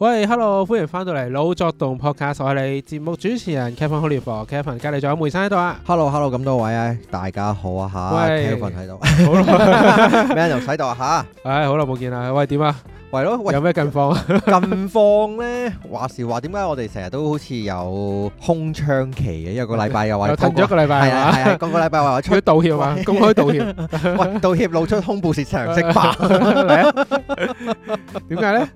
喂，Hello，歡迎翻到嚟《老作動 Podcast》，我係你節目主持人 Kevin Hollywood，Kevin 隔籬仲有梅生喺度啊。Hello，Hello，咁多位啊，大家好啊，吓，Kevin 喺度，好啦，咩人又喺度啊，吓，唉，好耐冇見啦，喂，點啊？喂，咯，有咩近況近況咧，話時話，點解我哋成日都好似有空窗期嘅一個禮拜，又話停咗一個禮拜，係啊，個個禮拜話我出去道歉啊，公開道歉，喂，道歉露出胸部是常識吧？點解咧？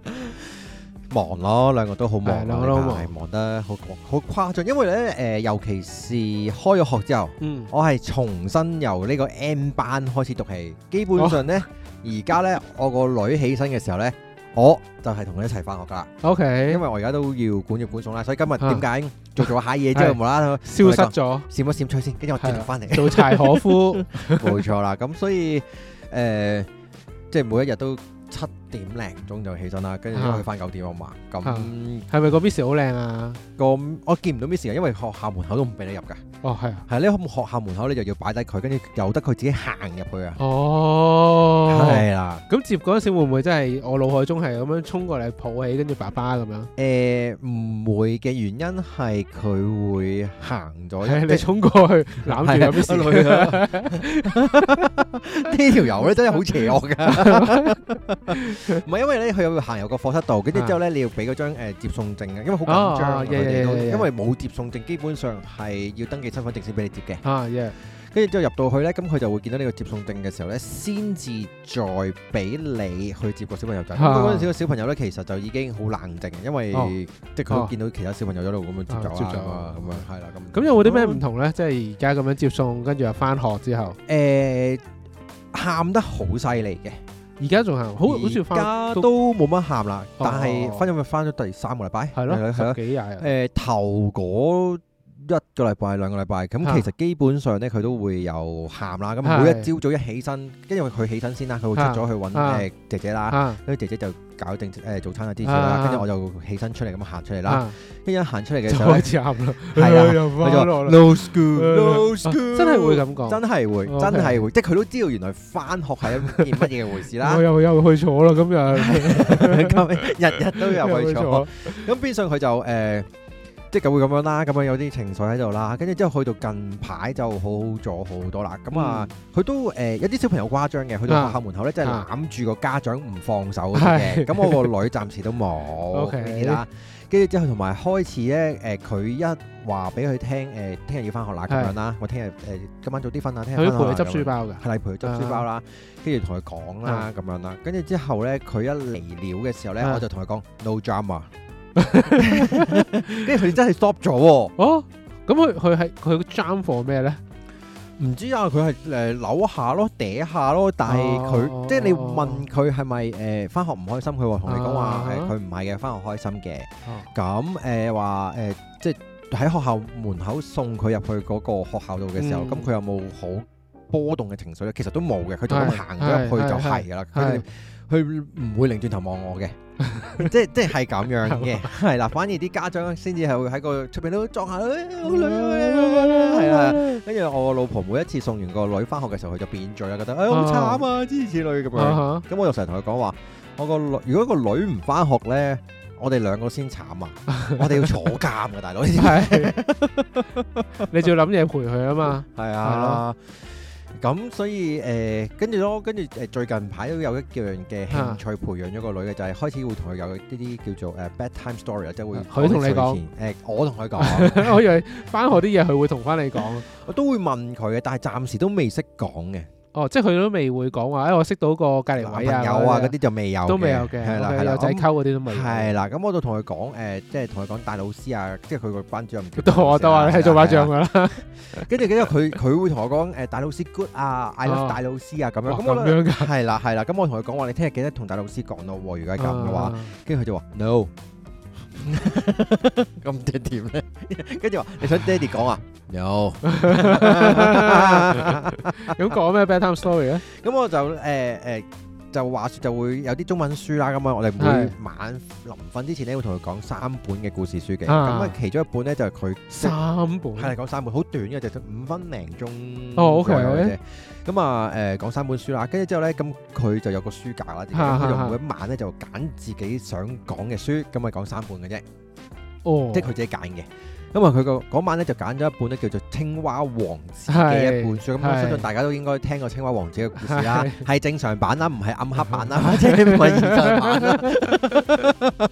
忙咯，兩個都好忙，係、嗯、忙得好好誇張。因為咧，誒、呃，尤其是開咗學之後，嗯，我係重新由呢個 M 班開始讀起。基本上咧，而家咧，我個女起身嘅時候咧，我就係同佢一齊翻學噶啦。O okay , K，因為我而家都要管住管送啦，所以今日點解做咗下嘢之後冇啦啦、啊、消失咗，閃一閃出先，跟住我轉頭翻嚟。做柴可夫，冇錯 啦。咁所以誒、呃，即係每一日都七點零鍾就起身啦，跟住去翻酒店啊嘛。咁係咪個 miss 好靚啊？個我見唔到 miss 啊，因為學校門口都唔俾你入噶。哦，係、啊。係你學校門口，你就要擺低佢，跟住由得佢自己行入去啊。哦，係啦的。咁接嗰陣時會唔會真係我腦海中係咁樣衝過嚟抱起，跟住爸爸咁樣？誒、欸，唔會嘅原因係佢會行咗。你衝過去攬住 miss 女。呢條友咧真係好邪惡㗎。 唔係， 因為咧佢有行入個課室度，跟住之後咧你要俾嗰張誒接送證啊，因為好緊張，因為冇接送證，基本上係要登記身份證先俾你接嘅。跟住之後入到去咧，咁佢就會見到呢個接送證嘅時候咧，先至再俾你去接個小朋友仔。咁嗰陣時個小朋友咧，其實就已經好冷靜，因為、oh, 即係佢見到其他小朋友喺度咁樣接走啦，咁樣係啦咁。咁有冇啲咩唔同咧？嗯、即係而家咁樣接送，跟住又返學之後，誒、呃，喊得好犀利嘅。而家仲喊，好好少翻。而、哦、家都冇乜喊啦，但係翻咗咪翻咗第三個禮拜？係咯的，十幾廿日。誒、呃、頭嗰一個禮拜、兩個禮拜，咁其實基本上咧，佢、啊、都會有喊啦。咁每一朝早一起身，跟住佢起身先啦，佢出咗去搵、啊呃、姐姐啦，跟住、啊、姐姐就，搞定誒早餐嘅啲事啦，跟住我就起身出嚟咁行出嚟啦，跟住行出嚟嘅時候，開始喊啦，係啊，佢就 no school，no school，真係會咁講，真係會，真係會，即係佢都知道原來返學係一件乜嘢嘅回事啦，我又又去坐啦，咁又咁日日都有去坐，咁變相佢就誒。即係會咁樣啦，咁樣有啲情緒喺度啦，跟住之後去到近排就好咗好多啦。咁啊，佢都誒，有啲小朋友誇張嘅，去到學校門口咧，真係攬住個家長唔放手嘅。咁我個女暫時都冇啦。跟住之後同埋開始咧，誒，佢一話俾佢聽，誒，聽日要翻學啦，咁樣啦。我聽日誒，今晚早啲瞓啊，聽日陪佢執書包嘅，係陪佢執書包啦。跟住同佢講啦，咁樣啦。跟住之後咧，佢一嚟了嘅時候咧，我就同佢講 no drama。跟住佢真係 stop 咗哦！咁佢佢喺佢個 jump 咩咧？唔知啊！佢係，誒，扭下咯，嗲下咯，但係佢、啊、即係你問佢係咪誒翻學唔開心？佢同你講話佢唔係嘅，翻、啊、呃、學開心嘅。咁誒話誒，即係喺學校門口送佢入去嗰個學校度嘅時候，咁佢、嗯、有冇好波動嘅情緒咧？其實都冇嘅，佢仲咁行咗入去就係噶啦，佢佢唔會擰轉頭望我嘅。即即係咁樣嘅，係啦。反而啲家長先至係會喺個出邊都撞下，好女啊，係啊。跟住我老婆每一次送完個女翻學嘅時候，佢就變咗啦，覺得誒好慘啊，之類之類咁樣。咁我又成日同佢講話，我個女如果個女唔翻學咧，我哋兩個先慘啊，我哋要坐監啊，大佬。你仲要諗嘢陪佢啊嘛？係啊。咁所以誒，跟、呃、住咯，跟住誒，最近排都有一樣嘅興趣培養咗個女嘅，啊、就係開始會同佢有呢啲叫做誒 bedtime story，嗯、即係會佢同你講，誒、呃、我同佢講， 我以為翻學啲嘢佢會同翻你講， 我都會問佢嘅，但係暫時都未識講嘅。哦，即係佢都未會講話，誒，我識到個隔離位啊、朋友啊嗰啲就未有，都未有嘅，係啦，係啦，仔溝嗰啲都未有，係啦，咁我就同佢講，誒，即係同佢講大老師啊，即係佢個關注唔都話都話你係做馬將㗎啦，跟住記得佢佢會同我講，誒，大老師 good 啊，I love 大老師啊，咁樣咁樣㗎，係啦係啦，咁我同佢講話，你聽日記得同大老師講咯，如果係咁嘅話，跟住佢就話 No。咁爹哋咧，跟住話你想爹哋講啊？有咁講咩？Bedtime story 咧？咁我就誒誒，就話就會有啲中文書啦。咁啊，我哋每晚臨瞓之前咧，會同佢講三本嘅故事書嘅。咁啊，其中一本咧就係佢三本係講三本，好短嘅，就五分零鐘哦。OK，好嘅。咁啊，誒講三本書啦，跟住之後咧，咁佢就有個書架啦，點樣的？佢就每一晚咧就揀自己想講嘅書，咁咪的講三本嘅啫。哦，即係佢自己揀嘅。咁啊，佢個嗰晚咧就揀咗一本咧叫做《青蛙王子》嘅一本書。咁的我相信大家都應該聽過《青蛙王子》嘅故事啦，係的正常版啦，唔係暗黑版啦，或者唔係現實版啦。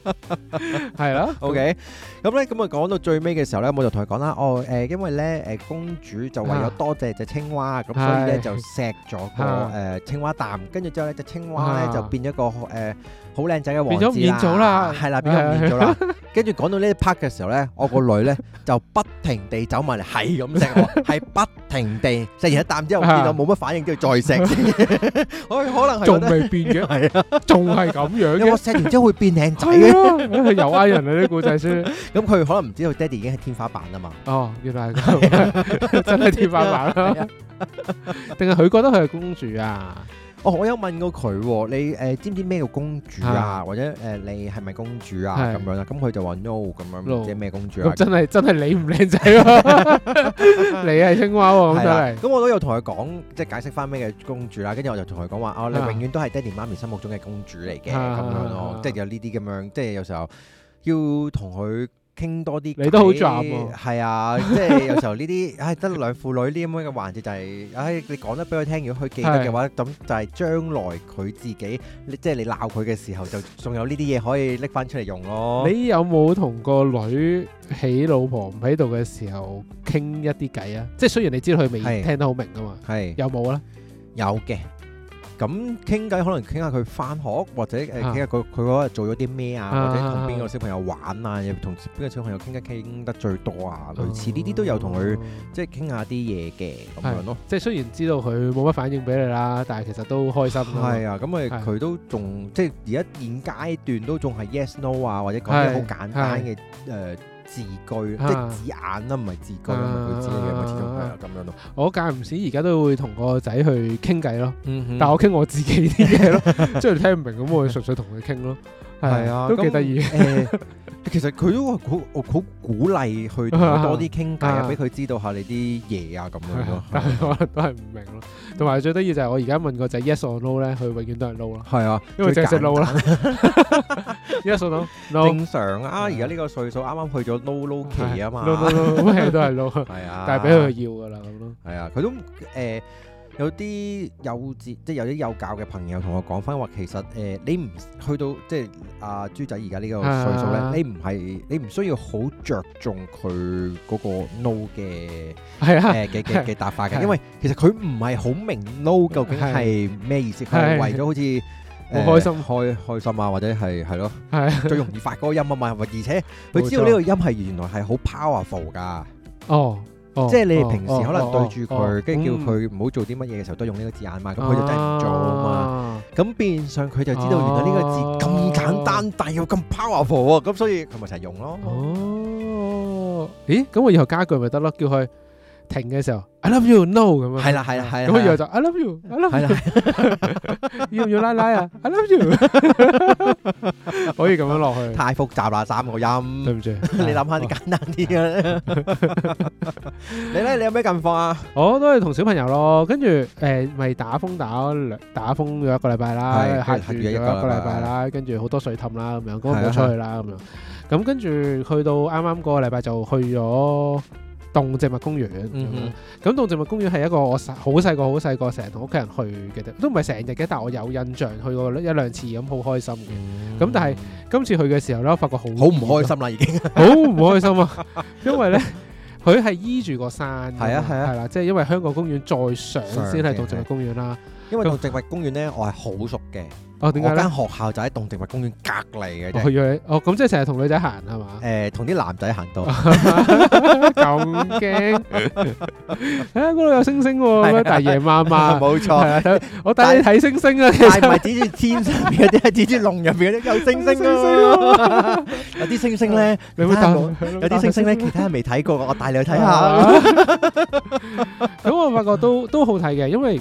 係啦，OK。咁咧，咁啊，講到最尾嘅時候咧，我就同佢講啦，哦，誒，因為咧，誒，公主就為咗多謝隻青蛙，咁所以咧就錫咗個誒青蛙蛋，跟住之後咧，隻青蛙咧就變咗個誒好靚仔嘅王子啦，係啦，變咗啦，跟住講到呢一 part 嘅時候咧，我個女咧就不停地走埋嚟，係咁錫，係不停地錫完一啖之後，見到冇乜反應，跟住再錫，可可能係仲未變嘅，係啊，仲係咁樣嘅，錫完之後會變靚仔嘅，又呃人啊啲故仔書。咁佢可能唔知道爹哋已經係天花板啊嘛！哦，原來係 真係天花板啊！定係佢覺得佢係公主啊？哦，我有問過佢，你誒、呃、知唔知咩叫公主啊？的或者誒、呃、你係咪公主啊？咁樣啊。咁佢就話 no 咁樣，即係咩公主啊？的真係真係你唔靚仔， 你係青蛙喎、啊！咁的，我都有同佢講，即、就、係、是、解釋翻咩嘅公主啦。跟住我就同佢講話，哦，你永遠都係爹哋媽咪心目中嘅公主嚟嘅，咁樣咯，即係有呢啲咁樣，即係的有，就是、有時候要同佢。傾多啲，你都好夾喎，係啊，即、就、係、是、有時候呢啲，唉、 哎，得兩父女呢咁樣嘅環節就係、是，唉、哎，你講得俾佢聽，如果佢記得嘅話，咁是的 就係將來佢自己，即、就、係、是、你鬧佢嘅時候，就仲有呢啲嘢可以拎翻出嚟用咯。你有冇同個女起老婆唔喺度嘅時候傾一啲偈啊？即係雖然你知道佢未聽得好明啊嘛，係有冇咧？有嘅。咁傾偈可能傾下佢返學，或者誒傾下佢佢嗰日做咗啲咩啊，啊或者同邊個小朋友玩啊，又同邊個小朋友傾一傾得最多啊，類似呢啲都有同佢、啊、即係傾下啲嘢嘅咁樣咯。即係雖然知道佢冇乜反應俾你啦，但係其實都開心咯。係啊，咁誒佢都仲即係而家現階段都仲係 yes no 啊，或者講啲好簡單嘅誒。是嗯字句、啊、即係字眼啦，唔係字句佢自己嘅嘢，咁樣咯。嗯、哼我間唔時而家都會同個仔去傾偈咯，但係我傾我自己啲嘢咯。即係 聽唔明咁，我會純粹同佢傾咯。係、嗯、哼啊，都幾得意。那 其實佢都好，好鼓勵去多啲傾偈啊，俾佢知道下你啲嘢啊咁樣咯。啊啊、但係我都係唔明咯。同埋最得意就係我而家問個仔 yes or no 咧，佢永遠都係 no 啦。係啊，因為佢直接 no 啦。単 yes or no？no 正常啊，而家呢個歲數啱啱去咗 no no 期啊嘛。no 都係 no。No no no, no, 啊，但係俾佢要㗎啦咁咯。係啊，佢都誒。呃有啲幼稚，即係有啲幼教嘅朋友同我講返話，其實誒、呃，你唔去到即係阿豬仔而家呢個歲數咧，你唔係你唔需要好着重佢嗰個 no 嘅誒嘅嘅嘅答法嘅，因為其實佢唔係好明 no 究竟係咩意思，佢係 Yeah. 為咗好似好 Yeah.、呃、開心開開心啊，或者係係咯，係 Yeah. 最容易發嗰個音啊嘛，係咪？而且佢知道呢個音係原來係好 powerful 噶哦。Oh. 即係你哋平時可能對住佢，跟住、哦哦哦哦、叫佢唔好做啲乜嘢嘅時候，都用呢個字眼、嗯、嘛，咁佢、啊、就真係唔做啊嘛。咁變相佢就知道，原來呢個字咁簡單，但係、啊、又咁 powerful。咁所以佢咪成日用咯。哦，哦 咦？咁我以後加句咪得咯，叫佢。停嘅時候，I love you，no 咁樣，係啦，係啦，係啦，咁我以後就 I love you，I love you，係喇，要唔要拉拉啊？I love you，可以咁樣落去，太複雜啦，三個音對唔住，你諗下，你簡單啲啦。你咧，你有咩近況啊？我都係同小朋友咯，跟住誒，咪打風打兩打風咗一個禮拜啦，吓住咗一個禮拜啦，跟住好多水氹啦，咁樣，咁冇出去啦，咁樣，咁跟住去到啱啱個禮拜就去咗。動植物公園咁，咁、嗯、哼動植物公園係一個我好細個好細個成日同屋企人去嘅啫，都唔係成日嘅，但係我有印象去過一兩次咁，好開心嘅。咁、嗯、但係今次去嘅時候呢，我發覺好唔開心啦，已經好唔 開心啊！因為呢，佢係 依住個山，係啊係啊，係啦、啊，即係、啊就是、因為香港公園再上先係動植物公園啦、啊。因為動植物公園咧，我係好熟嘅。我間學校就喺動植物公園隔籬嘅。去哦，咁即係成日同女仔行係嘛？誒，同啲男仔行到，咁驚？啊，嗰度有星星，大爺媽媽，冇錯。我帶你睇星星啊，其實唔係指住天上邊嗰啲，係指住籠入邊嗰啲有星星。有啲星星咧，明白冇？有啲星星咧，其他人未睇過，我帶你去睇下。咁我發覺都都好睇嘅，因為。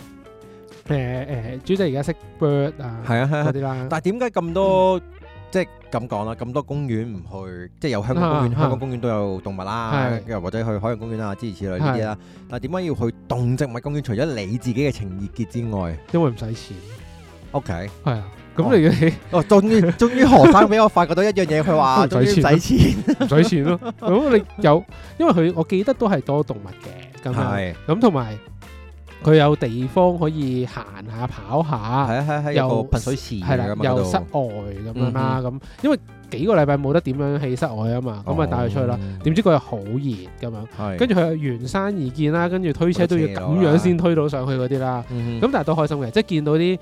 誒誒，主席而家識 bird 啊，係啊係啊啲啦。但係點解咁多即係咁講啦？咁多公園唔去，即係有香港公園、香港公園都有動物啦，又或者去海洋公園啊，諸如此類呢啲啦。但係點解要去動植物公園？除咗你自己嘅情意結之外，因為唔使錢。OK，係啊，咁你哦，終於終於何生俾我發覺到一樣嘢，佢話唔使錢，唔使錢咯。咁你有，因為佢我記得都係多動物嘅咁樣，咁同埋。佢有地方可以行下跑下，係啊，係有噴水池，係啦又室外咁樣啦咁，嗯、哼因為幾個禮拜冇得點樣喺室外啊嘛，咁咪、嗯、哼帶佢出去啦。點、哦、知佢又好熱咁樣，跟住佢係沿山而建啦，跟住推車都要咁樣先推到上去嗰啲啦。咁但係都開心嘅，即係見到啲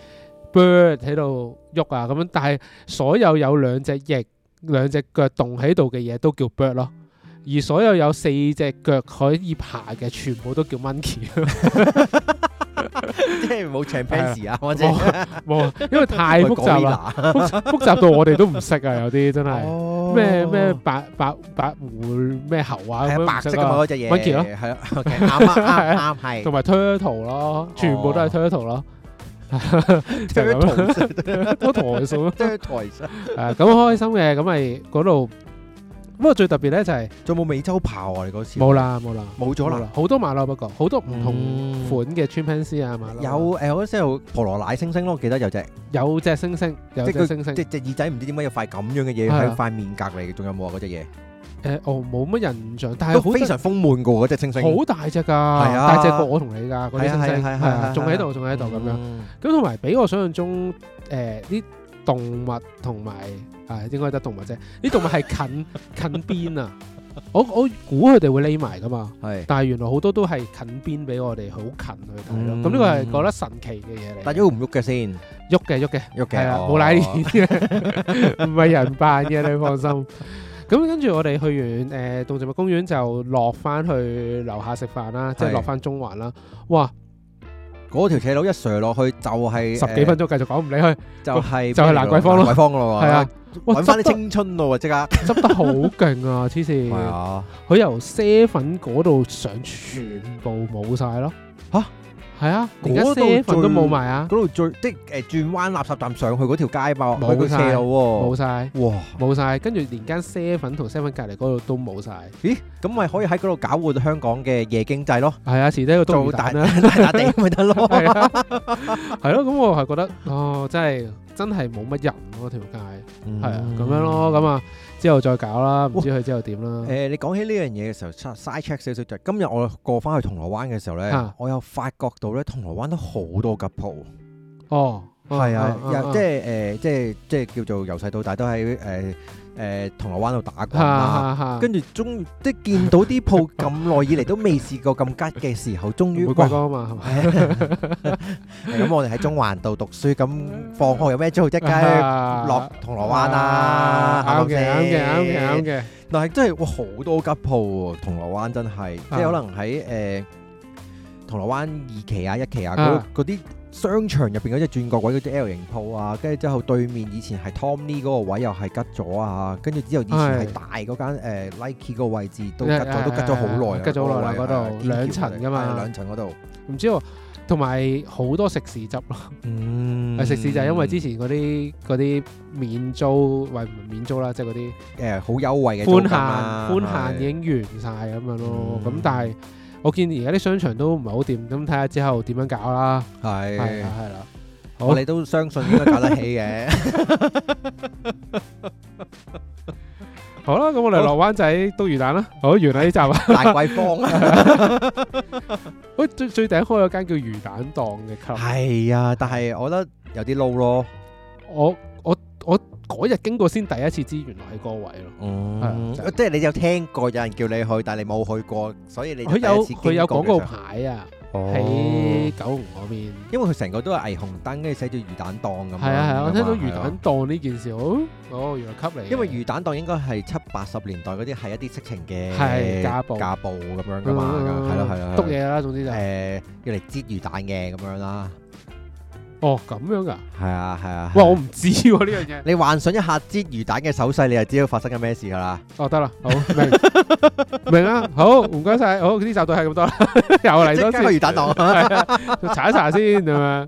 bird 喺度喐啊咁樣。但係所有有兩隻翼、兩隻腳動喺度嘅嘢都叫 bird 咯。而所有有四隻腳可以爬嘅，全部都叫 monkey，即係冇 chimpanzee 啊！我知，冇，因為太複雜啦，複複雜到我哋都唔識啊！有啲真係咩咩白白白狐咩猴啊，係白色嘅嗰隻嘢，monkey 咯，係咯，啱啱啱係，同埋 turtle 咯，全部都係 turtle 咯，turtle，個台數咯，即係台數，咁開心嘅，咁咪嗰度。不過最特別咧就係，仲有冇美洲豹啊？你嗰次冇啦，冇啦，冇咗啦，好多馬騮不過，好多唔同款嘅穿山獅啊馬騮，有誒，我嗰時候婆羅奶猩猩咯，記得有隻，有隻猩猩，即係佢猩猩，即係隻耳仔唔知點解有塊咁樣嘅嘢，喺塊面隔籬，仲有冇啊嗰隻嘢？誒，我冇乜印象，但係非常豐滿噶喎嗰隻猩猩，好大隻噶，大隻過我同你噶，係係係係，仲喺度，仲喺度咁樣。咁同埋，比我想象中誒，啲動物同埋。係應該得動物啫，呢動物係近 近邊啊！我我估佢哋會匿埋噶嘛，是但係原來好多都係近邊俾我哋好近去睇咯。咁呢個係覺得神奇嘅嘢嚟。但喐唔喐嘅先，喐嘅喐嘅，喐嘅，冇奶嘅，唔係人扮嘅。你放心。咁跟住我哋去完誒動植物公園就落翻去樓下食飯啦，即係是落翻中環啦。哇！嗰條斜路一瀡落去就係、係、十幾分鐘繼續講唔理佢，就係、係呃、就係蘭桂坊咯，係啊，揾翻啲青春咯喎，即刻執得好勁上啊黐線，佢由啡粉嗰度上全部冇晒咯嚇。啊係啊，嗰度 Seven 都冇埋啊！嗰度最即係誒轉彎垃圾站上去嗰條街噃，冇晒冇晒，哇，冇晒，跟住連間 Seven 同 Seven 隔籬嗰度都冇晒。咦？咁咪可以喺嗰度搞活香港嘅夜經濟咯？係啊，遲啲喺度啦，做大笪、啊、地咪得咯，係咯、 啊。咁、啊、我係覺得，哦，真係真係冇乜人嗰、啊、條街，係、嗯、啊，咁樣咯，咁、嗯、啊。之後再搞啦，唔嘩知佢之後點啦。誒、呃，你講起呢樣嘢嘅時候 side check 少少，就係今日我過翻去銅鑼灣嘅時候咧，啊、我有發覺到咧，銅鑼灣都好多吉鋪。哦，係啊，即係誒，即係即係叫做由細到大都喺誒。呃誒銅鑼灣度打工，跟住終於即係見到啲鋪咁耐以嚟都未試過咁吉嘅時候，終於唔會啊嘛，係嘛？咁我哋喺中環度讀書，咁放學有咩做啫？梗係落銅鑼灣啊，啱嘅，嘅，嘅。但係真係哇，好多吉鋪，銅鑼灣真係，即係可能喺誒銅鑼灣二期啊、一期啊嗰啲。商場入邊嗰隻轉角位嗰隻 L 型鋪啊，跟住之後對面以前係 Tommy 嗰個位又係吉咗啊，跟住之後以前係大嗰間誒 Nike 個位置都吉咗，的都吉咗好耐，吉咗好耐嗰度兩層噶嘛、嗯，兩層嗰度唔知喎，同埋好多食肆執咯。嗯，食肆就係因為之前嗰啲啲免租或免租啦，即係嗰啲誒好優惠嘅寬限，寬限已經完晒咁樣咯，咁的、嗯、但係。我見而家啲商場都唔係好掂，咁睇下之後點樣搞啦。係係啦，好，你都相信應該搞得起嘅。 好啦，咁我哋落灣仔督魚蛋啦。好，完啦呢集。 大桂坊，啊，喂， 最最頂開有間叫魚蛋檔嘅鋪。係啊，但係我覺得有啲 low 咯。我，嗰日經過先第一次知原來喺個位咯。哦、嗯，是即係你有聽過有人叫你去，但係你冇去過，所以你佢有佢有廣告牌啊，喺、喔、九龍嗰邊。因為佢成個都係霓虹燈，跟住寫住魚蛋檔咁。係啊係，我聽到魚蛋檔呢件事，好了，哦原來吸嚟。因為魚蛋檔應該係七八十年代嗰啲係一啲色情嘅架步、啊。架步咁樣㗎嘛，係咯係咯，篤嘢啦，總之就誒、呃、要嚟截魚蛋嘅咁樣啦。哦，咁樣噶，係啊，係啊。哇，我唔知呢樣嘢。你幻想一下煎魚蛋嘅手勢，你就知道發生緊咩事噶啦。哦，得啦，好明明啦，好唔該晒，好呢集都係咁多啦，又嚟咗先。接魚蛋檔，查一查先係咪？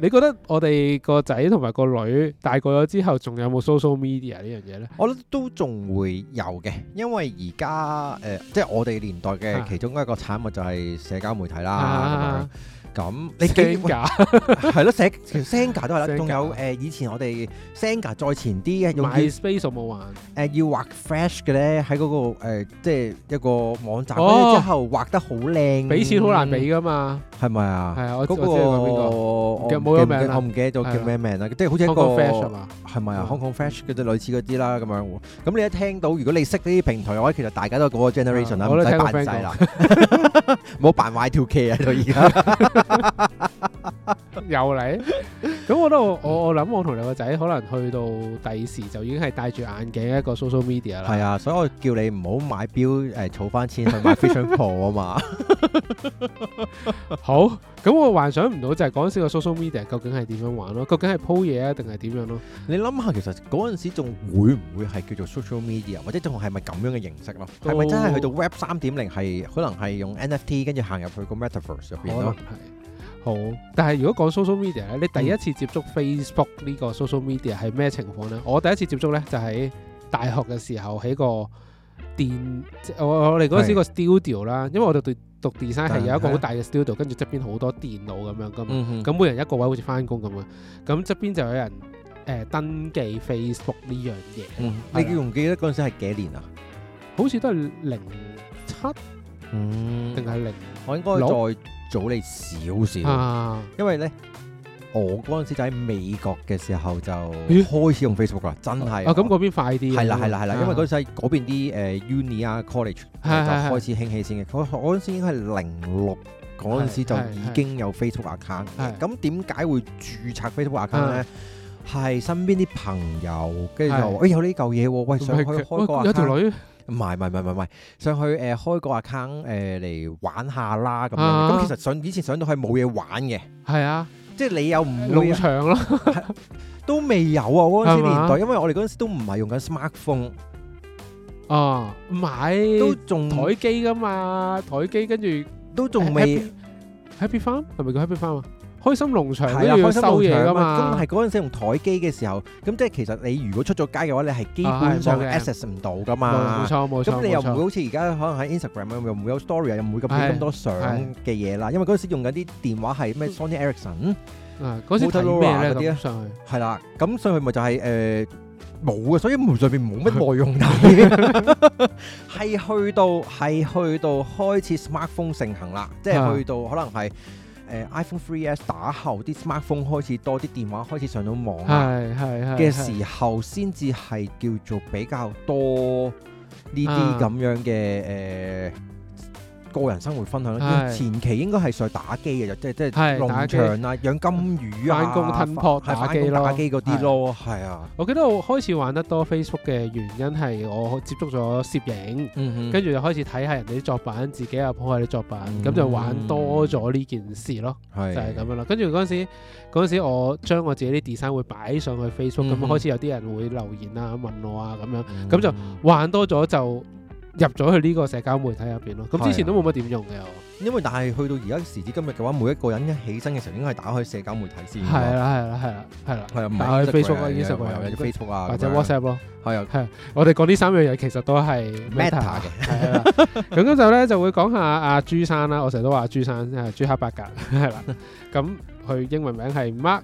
你覺得我哋個仔同埋個女大個咗之後，仲有冇 social media 呢樣嘢咧？我諗都仲會有嘅，因為而家誒，即係我哋年代嘅其中一個產物就係社交媒體啦。咁你 Senga 係咯 Senga Senga 都係啦。 仲 eng 有誒、呃，以前我哋 Senga 再前啲嘅，My Space 用件。MySpace 有冇玩？誒、呃，要畫 Flash 嘅咧，喺嗰、嗰個誒、呃，即係一個網站嗰度之後畫得好靚。俾錢好難俾噶嘛。係咪啊？係啊，嗰個我我唔記得叫咩名啦，即係好似一個香港 fresh 嘛？係咪啊？香港 fresh 嗰啲類似嗰啲啦，咁樣。咁你一聽到，如果你識呢啲平台嘅話，其實大家都係嗰個 generation 啦，唔使扮仔啦，唔好扮壞條 Y2K 啊！到而家又嚟。咁我都我我諗，我同你個仔可能去到第時，就已經係戴住眼鏡一個 social media 啦。係啊，所以我叫你唔好買表，誒儲翻錢去買 Vision Pro 啊嘛。好，咁我幻想唔到就係嗰陣時個 social media 究竟係點樣玩咯？究竟係鋪嘢啊，定係點樣咯？你諗下，其實嗰陣時仲會唔會係叫做 social media，或者仲係咪咁樣嘅形式咯？係咪真係去到 Web 三點零係可能係用 NFT 跟住行入去個 metaverse 入邊咯？係，好，但係如果講 social media 咧，你第一次接觸 Facebook 呢個 social media 係咩情況咧？我第一次接觸咧就喺大學嘅時候喺個電我我哋嗰陣時個 studio 啦，因為我哋對。讀 design 係有一個好大嘅 studio，是跟住側邊好多電腦咁樣噶嘛，咁、嗯、哼每人一個位好似返工咁嘅，咁側邊就有人誒、呃、登記 Facebook 呢樣嘢、嗯。你記唔記得嗰陣時係幾年啊？好似都係零七，嗯，定係零？我應該再早你少少，啊、因為咧。我嗰陣時就喺美國嘅時候就開始用 Facebook 啦，真係啊！咁嗰邊快啲，係啦係啦係啦，因為嗰陣時喺嗰邊啲誒 uni 啊 college 就開始興起先嘅。我我嗰陣時應該係零六嗰陣時就已經有 Facebook account 嘅。咁點解會註冊 Facebook account 咧？係身邊啲朋友跟住就誒有呢嚿嘢，喂，上去開個有條女？唔係唔係唔係唔係，上去誒開個 account 誒嚟玩下啦咁樣。咁其實想以前想到係冇嘢玩嘅，係啊。即係你又唔攞長咯，場 都未有啊！嗰陣時年代，嗎因為我哋嗰陣時都唔係用緊 smartphone 啊，唔係都仲台機㗎嘛，台機跟住都仲未 Happy, Happy Farm 係咪叫 Happy Farm 啊？開心農場都要收嘢噶嘛？咁係嗰陣時用台機嘅時候，咁即係其實你如果出咗街嘅話，你係基本上 access 唔到噶嘛。冇錯冇錯。咁你又唔會好似而家可能喺 Instagram 又唔會有 story 又唔會咁俾咁多相嘅嘢啦。因為嗰陣時用緊啲電話係咩 Sony Ericsson 嗰時睇咩咧？嗰啲上去係啦，咁上去咪就係誒冇嘅，所以面上面冇乜內容睇。係去到係去到開始 smartphone 盛行啦，即係去到可能係。呃、iPhone 3S 打後啲 smartphone 開始多啲電話開始上到網係係嘅時候，先至係叫做比較多呢啲咁樣嘅誒。啊呃個人生活分享，前期應該係上去打機嘅，即係即係農場啊，養金魚啊，打機咯，打機嗰啲咯，係啊。我記得我開始玩得多 Facebook 嘅原因係我接觸咗攝影，跟住又開始睇下人哋啲作品，自己又 po 下啲作品，咁就玩多咗呢件事咯，就係咁樣啦。跟住嗰陣時，嗰陣時我將我自己啲 design 會擺上去 Facebook，咁開始有啲人會留言啊，問我啊咁樣，咁就玩多咗就。入咗去呢個社交媒體入邊咯，咁之前都冇乜點用嘅。因為但係去到而家時至今日嘅話，每一個人一起身嘅時候，應該係打開社交媒體先。係啦，係啦，係啦，係啦。打開 Facebook、Instagram、Facebook 啊，或者 WhatsApp 咯。係啊，我哋講呢三樣嘢其實都係 Meta 嘅。係啊，咁咁就咧就會講下阿朱生啦。我成日都話朱生即係朱克伯格，係啦。咁佢英文名係 Mark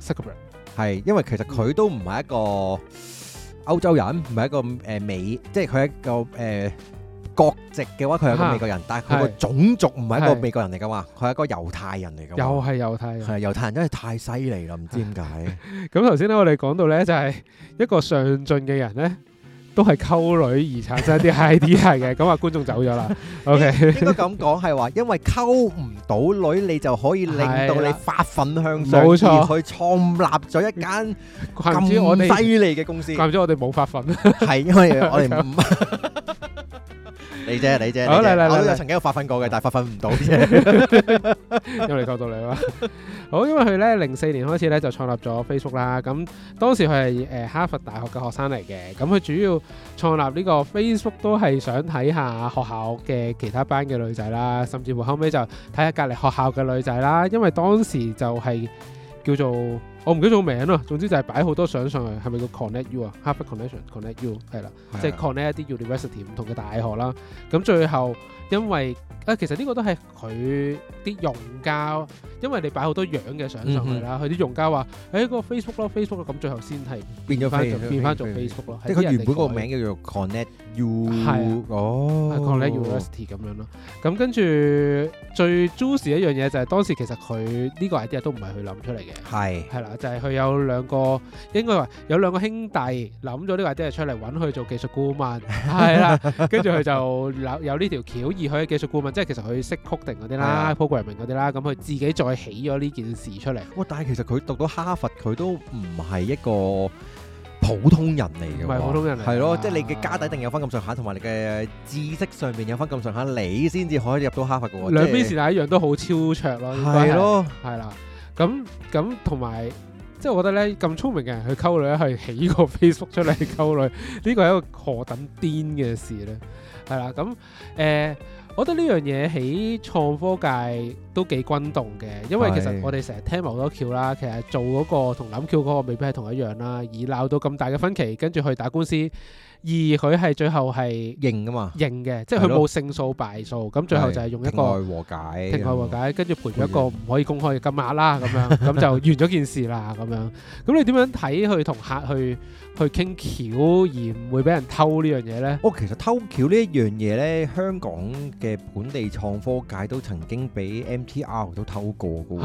Zuckerberg，係因為其實佢都唔係一個。歐洲人唔係一個誒美，即係佢係一個誒、呃、國籍嘅話，佢係一個美國人，哈但係佢個種族唔係一個美國人嚟㗎嘛，佢係哈一個猶太人嚟㗎。又係猶太人，係猶太人真係太犀利啦！唔知點解。咁頭先咧，我哋講到咧，就係、是、一個上進嘅人咧。都係溝女而產生一啲 idea 嘅，咁啊觀眾走咗啦。 OK，應該咁講係話，因為溝唔到女，你就可以令到你發奮向上，冇錯，而去創立咗一間咁犀利嘅公司。怪唔之我哋冇發奮，係 因為我哋唔。 你啫，你啫，好嚟嚟我曾經有發奮過嘅，來但係發奮唔到。又嚟過到你啦。好，因為佢咧零四年開始咧就創立咗 Facebook 啦。咁當時佢係誒哈佛大學嘅學生嚟嘅。咁佢主要創立呢個 Facebook 都係想睇下學校嘅其他班嘅女仔啦，甚至乎後尾就睇下隔籬學校嘅女仔啦。因為當時就係叫做。我唔記得咗名咯，總之就係擺好多相上去，係咪叫 connect you 啊？哈佛 connection，connect you 係啦，即係 connect 一啲 university 唔同嘅大學啦。咁最後因為啊，其實呢個都係佢啲用家，因為你擺好多樣嘅相上去啦，佢啲用家話，誒嗰個 Facebook 咯，Facebook 咯，咁最後先係變咗 Facebook，變翻做 Facebook 咯。即係佢原本個名叫做 connect you，係哦，connect university 咁樣咯。咁跟住最 juicy 一樣嘢就係當時其實佢呢個 idea 都唔係佢諗出嚟嘅，係係啦。就係佢有兩個，應該話有兩個兄弟諗咗呢個 idea 出嚟揾佢做技術顧問，係啦。跟住佢就有有呢條橋，而佢嘅技術顧問，即係其實佢識 coding 嗰啲啦，programming 嗰啲啦，咁佢自己再起咗呢件事出嚟。哇！但係其實佢讀到哈佛，佢都唔係一個普通人嚟嘅，唔係普通人係咯，即係你嘅家底定有翻咁上下，同埋你嘅知識上面有翻咁上下，你先至可以入到哈佛嘅喎。兩邊事係一樣，都好超卓咯，係咯，係啦。咁咁同埋，即係我覺得咧，咁聰明嘅人去溝女，去起個 Facebook 出嚟溝女，呢個係一個何等癲嘅事咧？係啦，咁誒、呃，我覺得呢樣嘢喺創科界都幾轟動嘅，因為其實我哋成日聽好多橋啦，其實做嗰個同諗橋嗰個未必係同一樣啦，而鬧到咁大嘅分歧，跟住去打官司，而佢係最後係認㗎嘛，認嘅，即係佢冇勝訴敗訴，咁、嗯、最後就係用一個庭外和解，庭外和解，跟住賠咗一個唔可以公開嘅金額啦，咁、嗯、樣咁就完咗件事啦，咁 樣。咁你點樣睇佢同客去去傾橋，而唔會俾人偷呢樣嘢咧？哦，其實偷橋呢一樣嘢咧，香港嘅本地創科界都曾經俾 M T.R. 都偷過嘅喎，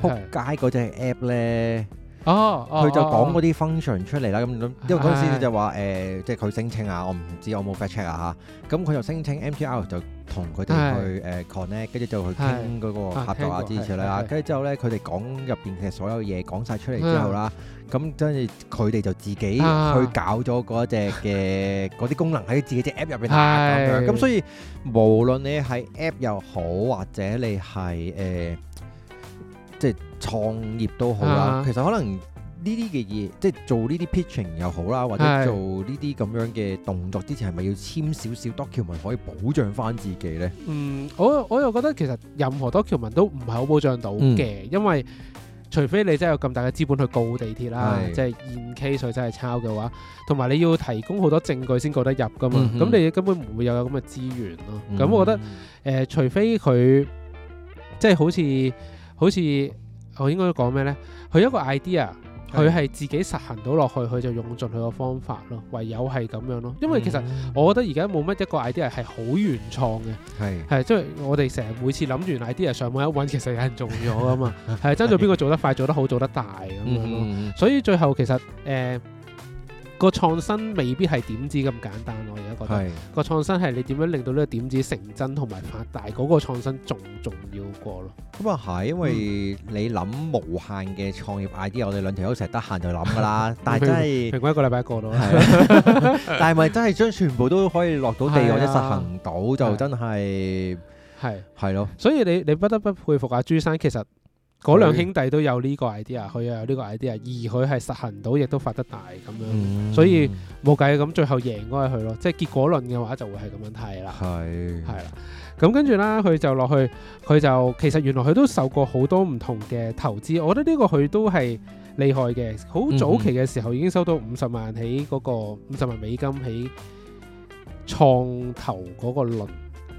撲是街嗰隻 app 咧。哦，佢、oh, oh, oh, oh. 就講嗰啲 function 出嚟啦，咁因為嗰陣時就話誒的、呃，即係佢聲稱啊，我唔知有冇 check 啊嚇，咁佢就聲稱 MTR 就同佢哋去誒 connect，跟住就去傾嗰個合作的啊之類啦，跟住之後咧佢哋講入邊嘅所有嘢講晒出嚟之後啦，咁跟住佢哋就自己去搞咗嗰一隻嘅嗰啲功能喺自己隻 app 入邊，咁所以無論你係 app 又好，或者你係誒、呃、即係。創業都好啦，嗯、其實可能呢啲嘅嘢，即係做呢啲 pitching 又好啦，或者做呢啲咁樣嘅動作之前，係咪是要簽少少 document 可以保障返自己呢？嗯，我我又覺得其實任何 document 都唔係好保障到嘅，嗯、因為除非你真係有咁大嘅資本去告地鐵啦，嗯、即係 in case 真係抄嘅話，同埋你要提供好多證據先告得入噶嘛，咁、嗯、哼你根本唔會有咁嘅資源咯。咁、嗯、我覺得誒、呃，除非佢即係好似好似。我應該講咩呢？佢一個 idea，佢係自己實行到落去，佢就用盡佢個方法咯。唯有係咁樣咯，因為其實我覺得而家冇乜一個 idea 係好原創嘅，係係是，即係、就是、我哋成日每次諗完 idea 上網一揾，其實有人做咗啊嘛，係爭在邊個做得快、做得好、做得大咁樣咯。所以最後其實誒。呃個創新未必係點子咁簡單咯，而家覺得個創新係你點樣令到呢個點子成真同埋發大，嗰個創新仲重要過咯。咁啊係，因為你諗無限嘅創業 idea，我哋兩條友成日得閒就諗噶啦。但係真係平均一個禮拜一個咯。但係咪真係將全部都可以落到地或者實行到就真係係係咯？所以你你不得不佩服阿朱生，其實。嗰兩兄弟都有呢個 idea，佢又有呢個 idea，而佢係實行到，亦都發得大咁樣，嗯、所以冇計啊！咁最後贏開佢咯，即係結果論嘅話就會係咁樣睇啦。係係啦，咁跟住啦，佢就落去，佢就其實原來佢都受過好多唔同嘅投資，我覺得呢個佢都係厲害嘅。好早期嘅時候已經收到五十萬起嗰個五十萬美金起創投嗰個輪。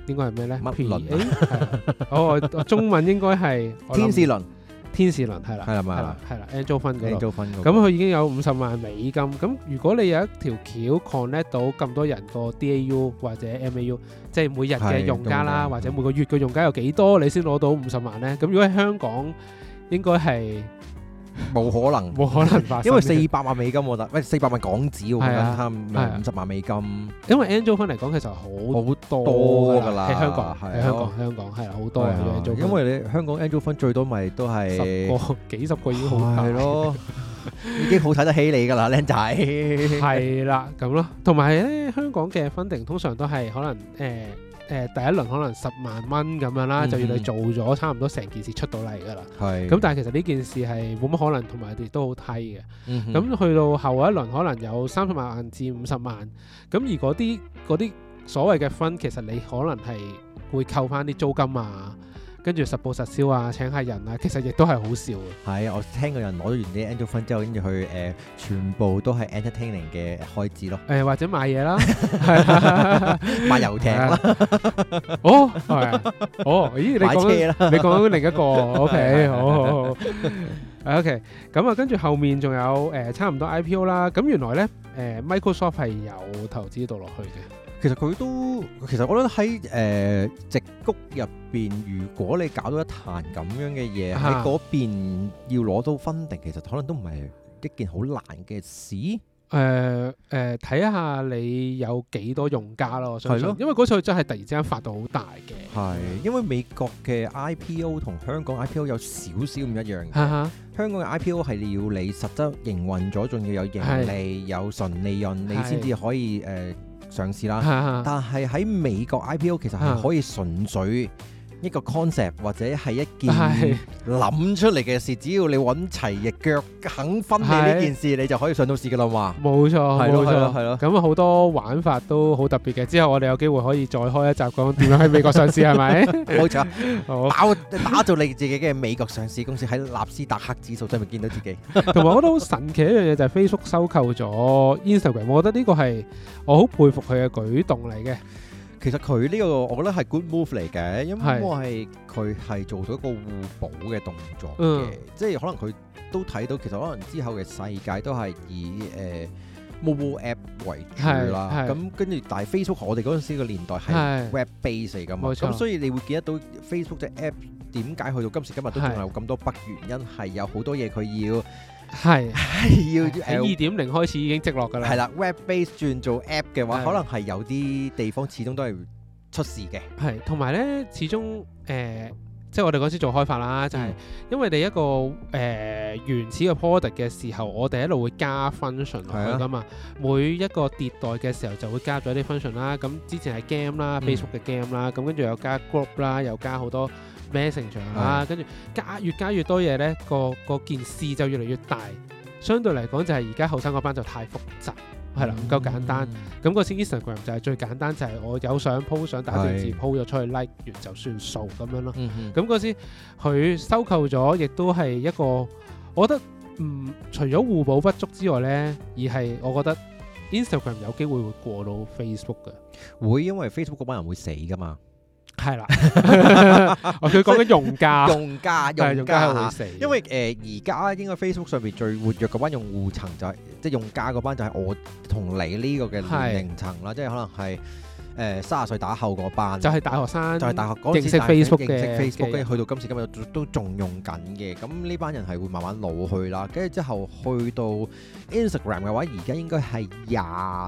應該係咩咧？麥皮輪、啊， 哦，中文應該係 天使輪， 天使輪係啦，係啦，係啦，係啦，AngelFund 嗰 a n g e l f u n 咁佢已經有五十萬美金。咁、嗯、如果你有一條橋 connect 到咁多人個 DAU 或者 MAU、嗯、即係每日嘅用家啦，對或者每個月嘅用家有幾多，你先攞到五十萬咧？咁、嗯、如果喺香港，應該係。冇可能，冇可能因為四百萬美金我得，喂四百萬港紙，五十萬美金，因為 Angel Fund 嚟講，其實好多噶啦，喺香港，喺香港，香港係好多嘅因為你香港 Angel Fund 最多咪都係十個、幾十個已經好大，係咯，已經好睇得起你噶啦，靚仔，係啦咁咯，同埋咧，香港嘅 Funding 通常都係可能誒。誒、呃、第一輪可能十萬蚊咁樣啦，嗯、哼就要你做咗差唔多成件事出到嚟㗎啦。係是。咁但係其實呢件事係冇乜可能，同埋亦都好低嘅。嗯哼。咁去到後一輪可能有三十萬至五十萬。咁而嗰啲嗰啲所謂嘅分，其實你可能係會扣翻啲租金啊。跟住實報實銷啊，請客人啊，其實亦都係好笑嘅。係啊，我聽個人攞完啲 endorphin 之後，跟住去誒、呃，全部都係 entertaining 嘅開支咯。誒、呃、或者買嘢啦，係 買遊艇啦 哦、啊。哦，係哦，咦你講車你講另一個 ，OK，好好。好。OK，咁啊，跟住後面仲有誒、呃、差唔多 IPO 啦。咁原來咧誒、呃、Microsoft 係有投資到落去嘅。其實佢都，其實我覺得喺誒矽谷入邊，如果你搞到一壇咁樣嘅嘢，喺嗰、啊、邊要攞到分定，其實可能都唔係一件好難嘅事。誒誒、呃，睇、呃、下你有幾多用家咯。係咯。的因為嗰次真係突然之間發到好大嘅。係，因為美國嘅 IPO 同香港 IPO 有少少唔一樣、啊啊、香港嘅 IPO 係你要你實質營運咗，仲要有盈利、的有純利潤，你先至可以誒、呃上市啦，但係喺美國 IPO 其實係可以純粹。一個 concept 或者係一件諗出嚟嘅事，唉只要你揾齊隻腳肯分辨呢件事，唉你就可以上到市噶啦嘛。冇錯，冇錯，係咯。咁好多玩法都好特別嘅。之後我哋有機會可以再開一集講點樣喺美國上市，係咪？冇錯，好打，打造你自己嘅美國上市公司，喺納斯達克指數上面見到自己。同埋，就是、agram, 我覺得好神奇一樣嘢就係 Facebook 收購咗 Instagram，我覺得呢個係我好佩服佢嘅舉動嚟嘅。其實佢呢個我覺得係 good move 嚟嘅，因為佢係是做到一個互補嘅動作嘅，嗯、即係可能佢都睇到其實可能之後嘅世界都係以誒、呃、mobile app 為主啦。咁跟住，但係 Facebook 我哋嗰陣時個年代係 web base 嚟㗎嘛，咁所以你會見得到 Facebook 隻 app 點解去到今時今日都仲有咁多北，原因係有好多嘢佢要。係，係是 要喺二點零開始已經積落㗎啦。係啦，Web based 轉做 App 嘅話，的可能係有啲地方始終都係出事嘅。係，同埋咧，始終誒、呃，即係我哋嗰時做開發啦，的就係因為你一個誒、呃、原始嘅 product 嘅時候，我哋一路會加 function 落去㗎嘛。的每一個迭代嘅時候就會加咗啲 function 啦。咁之前係 game 啦，Facebook 嘅 game 啦，咁跟住又加 group 啦，又加好多。咩成長啦，跟住 Messenger, 的加越加越多嘢呢，個個件事就越嚟越大。相對嚟講就係而家後生嗰班就太複雜，係啦，唔夠、嗯、簡單。咁嗰時 Instagram 就係最簡單，就係我有相 po 上打字字 po 咗出去，like 完就算數咁樣咯。咁嗰、嗯、哼時佢收購咗，亦都係一個，我覺得唔、呃、除咗互補不足之外呢，而係我覺得 Instagram 有機會會過到 Facebook 嘅。會，因為 Facebook 嗰班人會死噶嘛。係啦，佢講緊用家，用家，用家吓，因為誒，而家應該 Facebook 上邊最活躍嗰班用戶層就係，即係用家嗰班就係我同你呢個嘅年齡層啦，即係可能係。誒三十歲打後嗰班，就係大學生，就係大學嗰陣時認識 Facebook 嘅，次認識 Facebook，跟住去的到今時今日都仲用緊嘅。咁呢班人係會慢慢老去啦，跟住之後去到 Instagram 嘅話，而家應該係廿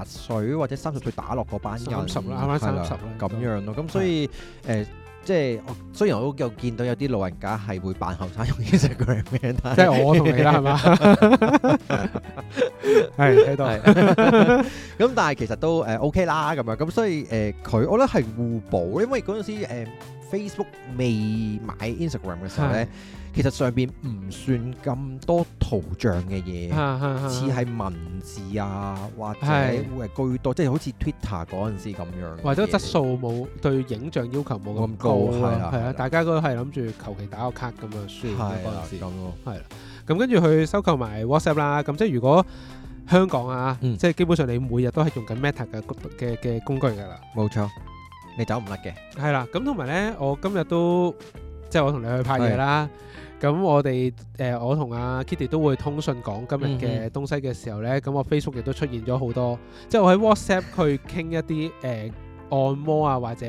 歲或者三十歲打落嗰班人，三十啦，啱啱三十啦，咁對樣咯。咁所以誒。對呃即係，雖然我有見到有啲老人家係會扮後生用 Instagram，即係我同你啦，係嘛？係，睇到。咁但係其實都誒 OK 啦，咁樣咁，所以誒佢、呃、我覺得係互補，因為嗰陣時、呃、Facebook 未買,買 Instagram 嘅時候咧。 其實上邊唔算咁多圖像嘅嘢，似係文字啊，或者會係居多，即係好似 Twitter 嗰陣時咁樣。或者質素冇對影像要求冇咁高，係啊，大家都係諗住求其打個卡咁樣算嗰陣時咁咯。係啦，咁跟住去收購埋 WhatsApp 啦。咁即係如果香港啊，即係基本上你每日都係用緊 Meta 嘅嘅嘅工具㗎啦。冇錯，你走唔甩嘅。係啦，咁同埋咧，我今日都即係我同你去拍嘢啦。咁我哋誒、呃、我同阿、啊、Kitty 都會通訊講今日嘅東西嘅時候咧，咁、嗯嗯、我 Facebook 亦都出現咗好多，即係我喺 WhatsApp 去傾一啲誒。 呃按摩啊，或者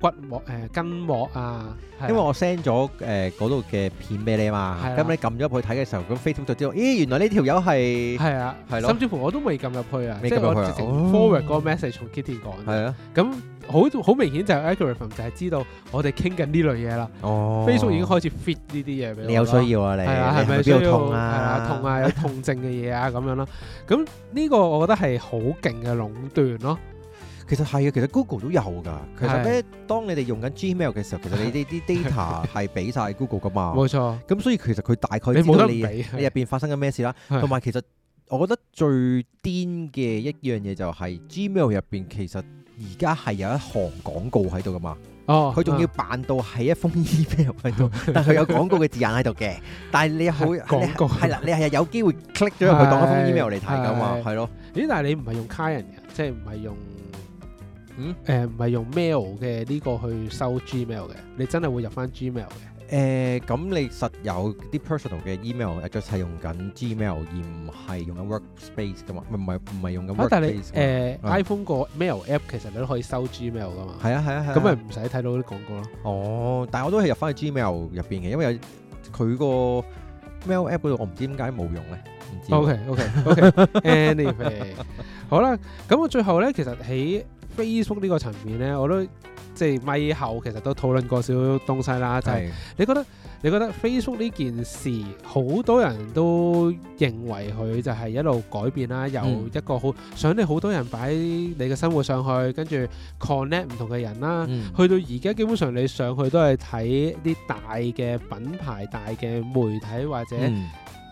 骨膜、誒筋膜啊，因為我 send 咗誒嗰度嘅片俾你啊嘛，咁你撳咗入去睇嘅時候，咁 Facebook 就知道，咦，原來呢條友係係啊，係咯，甚至乎我都未撳入去啊，即係我直情 forward 嗰個 message 同 Kitty 講嘅，咁好好明顯就係 algorithm 就係知道我哋傾緊呢類嘢啦，Facebook 已經開始 fit 呢啲嘢俾你，你有需要啊，你係啊，係咪需要？係啊，痛啊，有痛症嘅嘢啊，咁樣啦，咁呢個我覺得係好勁嘅壟斷咯。其實係啊，其實 Google 都有㗎。其實咧，當你哋用緊 Gmail 嘅時候，其實你哋啲 data 係俾晒 Google 㗎嘛。冇錯。咁所以其實佢大概知道你你入邊發生緊咩事啦。同埋其實我覺得最癲嘅一樣嘢就係 Gmail 入邊，其實而家係有一行廣告喺度㗎嘛。哦。佢仲要扮到係一封 email 喺度，但佢有廣告嘅字眼喺度嘅。但係你又好廣告係啦，你係有機會 click 咗佢當一封 email 嚟睇㗎嘛，係咯？咦？但係你唔係用卡人嘅，即係唔係用？嗯，誒唔係用 mail 嘅呢個去收 Gmail 嘅，你真係會入翻 Gmail 嘅。誒，咁你實有啲 personal 嘅 email address，係用緊 Gmail 而唔係用緊 Workspace 噶嘛？唔係，唔係用緊 Workspace。但係你誒 iPhone 個 mail app，其實你都可以收 Gmail 噶嘛？係啊係啊係。咁咪唔使睇到啲廣告咯。哦，但係我都係入翻去 Gmail 入邊嘅，因為有佢個 mail app 嗰度，我唔知點解冇用咧。O K O K O K anyway，好啦，咁我最後咧，其實喺。Facebook 呢個層面呢，我都即係咪後其實都討論過少少東西啦。就係、是、你覺得你覺得 Facebook 呢件事，好多人都認為佢就係一路改變啦，由一個好想你好多人擺你嘅生活上去，跟住 connect 唔同嘅人啦，嗯、去到而家基本上你上去都係睇啲大嘅品牌、大嘅媒體或者。嗯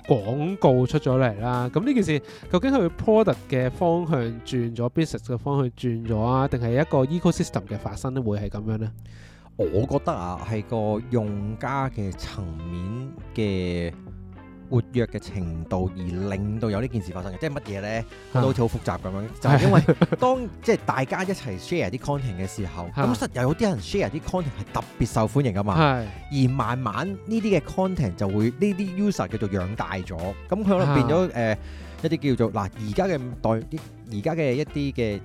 廣告出咗嚟啦，咁呢件事究竟係 product 嘅方向轉咗，business 嘅方向轉咗啊，定係一個 ecosystem 嘅發生咧，會係咁樣呢？我覺得啊，係個用家嘅層面嘅。活躍嘅程度而令到有呢件事發生嘅，即係乜嘢咧？啊、都好似好複雜咁樣，就係、是、因為當 即係大家一齊 share 啲 content 嘅時候，咁、啊、實有啲人 share 啲 content 係特別受歡迎㗎嘛。啊而慢慢呢啲嘅 content 就會呢啲 user 叫做養大咗，咁佢可能變咗誒、啊呃、一啲叫做嗱而家嘅代啲而家嘅一啲嘅。